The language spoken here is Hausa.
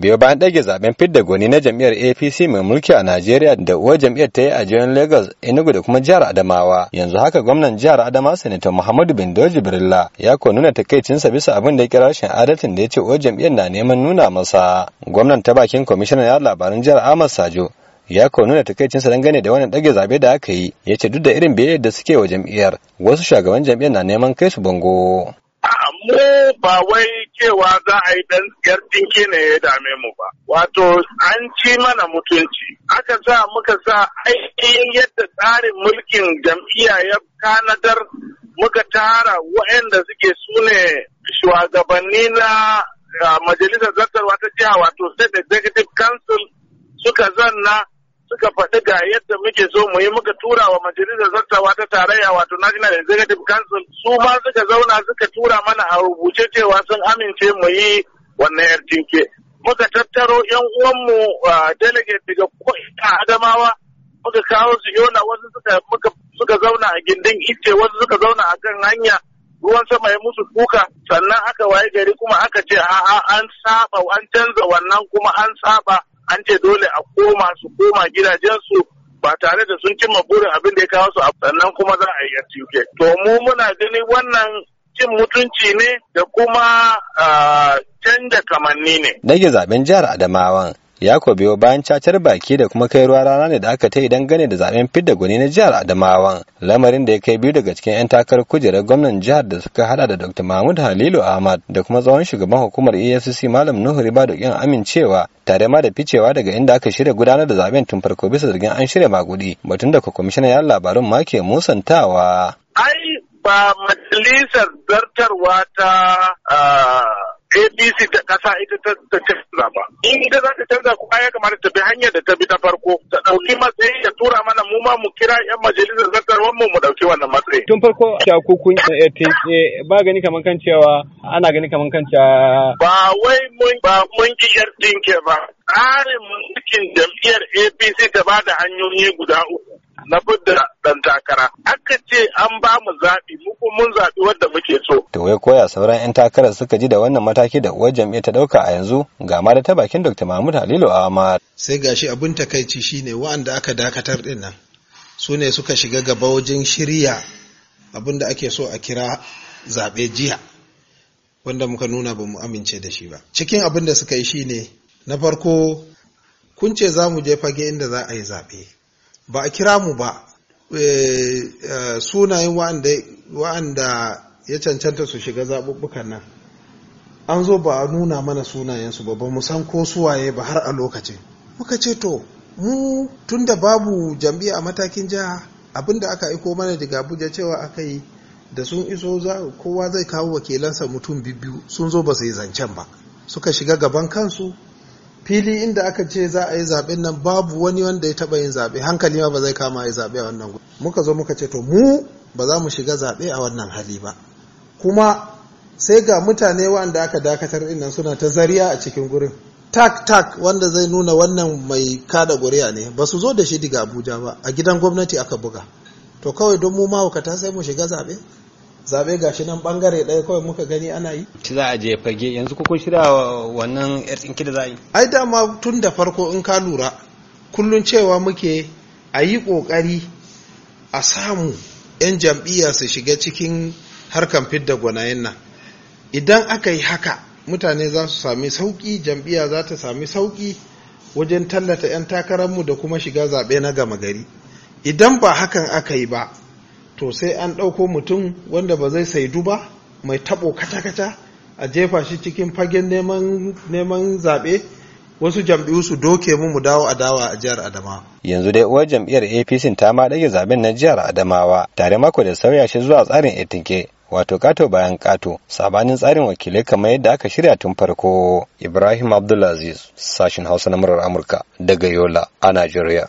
biyo bayan ɗage zaben fidda goni na jam'iyyar apc mai mulki a najeriya da uwa jam'iyyar ta yi a jihar lagos enugu da kuma jihar adamawa yanzu haka gwamnan jihar Adamawa, sanata muhammadu bin doji birilla ya ko nuna takaicinsa bisa abin da ya kira rashin adalcin da ya ce uwar jam'iyyar na neman nuna masa gwamnan ta bakin kwamishinan ya labaran jihar ahmad sajo ya ko nuna takaicinsa dangane da wannan ɗage zabe da aka yi ya ce duk da irin biyayyar da suke wa jam'iyyar wasu shugaban jam'iyyar na neman kai su bango. mu ba wai cewa za a yi dan yar dinke ne ya dame mu ba. Wato an ci mana mutunci. Aka sa muka sa aikin yadda tsarin mulkin jam'iyya ya tanadar muka tara waɗanda suke sune shugabanni na majalisar zartarwa ta jiha wato state executive council suka zanna suka faɗi ga yadda muke so mu yi muka tura wa majalisar zartawa ta tarayya wato National Executive Council su ma suka zauna suka tura mana a rubuce cewa sun amince mu yi wannan rtk Muka tattaro 'yan uwanmu delegate daga ko'ina Adamawa muka kawo su yona wasu suka zauna a gindin ice wasu suka zauna a kan hanya ruwan sama ya musu kuka sannan aka waye gari kuma aka ce a'a an saba an canza wannan kuma an saba an ce dole a koma su koma gidajensu ba tare da sun cimma burin abin da ya kawo su a sannan kuma za a yi UK. To mu muna gani wannan cin mutunci ne da kuma ah, canja kamanni ne. Nage zaben jihar Adamawan ya ko biyo bayan cacar baki da kuma kai ruwa rana ne da aka ta yi dangane da zaben fidda gwani na jihar Adamawa. lamarin da ya kai biyu daga cikin 'yan takar kujerar gwamnan jihar da suka hada da Dr. Mahmud Halilu Ahmad da kuma tsohon shugaban hukumar EFCC Malam Nuhu Riba da yan amincewa tare ma da ficewa daga inda aka shirya gudanar da zaben tun farko bisa zargin an shirya magudi batun da kwamishinan yan labarun ma ke musantawa. Ai ba majalisar zartarwa ta ABC ah, ta kasa ita ta ba. in ita za ta canza kuma ya kamata ta bi hanyar da ta bi ta farko ta dauki matsayi ta tura mana mu ma mu kira 'yan majalisar zartarwar mu mu dauki wannan matsayi. Tun farko ta shakukun eh, eh, ba gani kaman kan cewa ana gani kaman kan cewa. Ba wai mun ba mun ji yar dinke ba. Tsarin mulkin jam'iyyar APC ta ba da hanyoyi guda uku. na budda dan takara aka ce an ba mu zaɓi mu kuma mun zaɓi wanda muke so. To wai koya sauran 'yan takarar suka ji da wannan mataki da uwar jam'iyyar ta ɗauka a yanzu ga ma da ta bakin Dr. Mahmud Halilu Ahmad. Sai gashi abin takaici shine wa'anda aka dakatar din nan su ne suka shiga gaba wajen shirya abin da ake so a kira zaɓe jiya wanda muka nuna ba mu amince da shi ba. Cikin abin da suka yi shine na farko kun ce za mu je fage inda za a yi zaɓe ba a kira mu ba eh, eh, sunayen wa'anda ya cancanta su shiga zaɓuɓɓukan nan an zo ba a nuna mana sunayensu ba ba mu san ko suwaye ba har a lokacin muka ce to mu tun da babu jam'iyya a matakin jiha abinda aka aiko mana daga abuja cewa aka yi da sun iso kowa zai kawo wakilansa mutum biyu sun zo ba su yi zancen ba suka shiga gaban kansu fili inda aka ce za a yi zaɓen nan babu wani wanda ya taɓa yin zaɓe hankali ma ba zai kama ya zaɓe a wannan gudu muka zo muka ce to mu ba za mu shiga zaɓe a wannan hali ba kuma sai ga mutane wanda aka dakatar innan suna ta zariya a cikin gurin tak tak wanda zai nuna wannan mai kada guriya ne ba su zo da shi daga abuja ba a gidan gwamnati aka buga to kawai don mu mahaukata sai mu shiga zaɓe zabe gashi nan bangare ɗaya kawai muka gani ana yi ci za a je fage yanzu ko kun shirya wannan yar tsinki da za a yi ai dama tun da farko in ka lura kullun cewa muke a yi ƙoƙari a samu yan jam'iyya su shiga cikin harkan fidda gwanayen nan idan aka yi haka mutane za su sami sauƙi jam'iyya za ta sami sauƙi wajen tallata 'yan takararmu da kuma shiga zaɓe na gama gari idan ba hakan aka yi ba to sai an ɗauko mutum wanda ba zai saidu ba mai taɓo kata-kata a jefa shi cikin fagen neman zaɓe wasu jam'iyyu su doke mu mu dawo a dawa a jihar Adamawa. Yanzu dai uwar jam'iyyar APC ta ma ɗage zaben na jihar Adamawa tare mako da sauya shi zuwa tsarin etinke wato kato bayan kato sabanin tsarin wakilai kamar yadda aka shirya tun farko Ibrahim Abdulaziz sashin Hausa na murar Amurka daga Yola a Najeriya.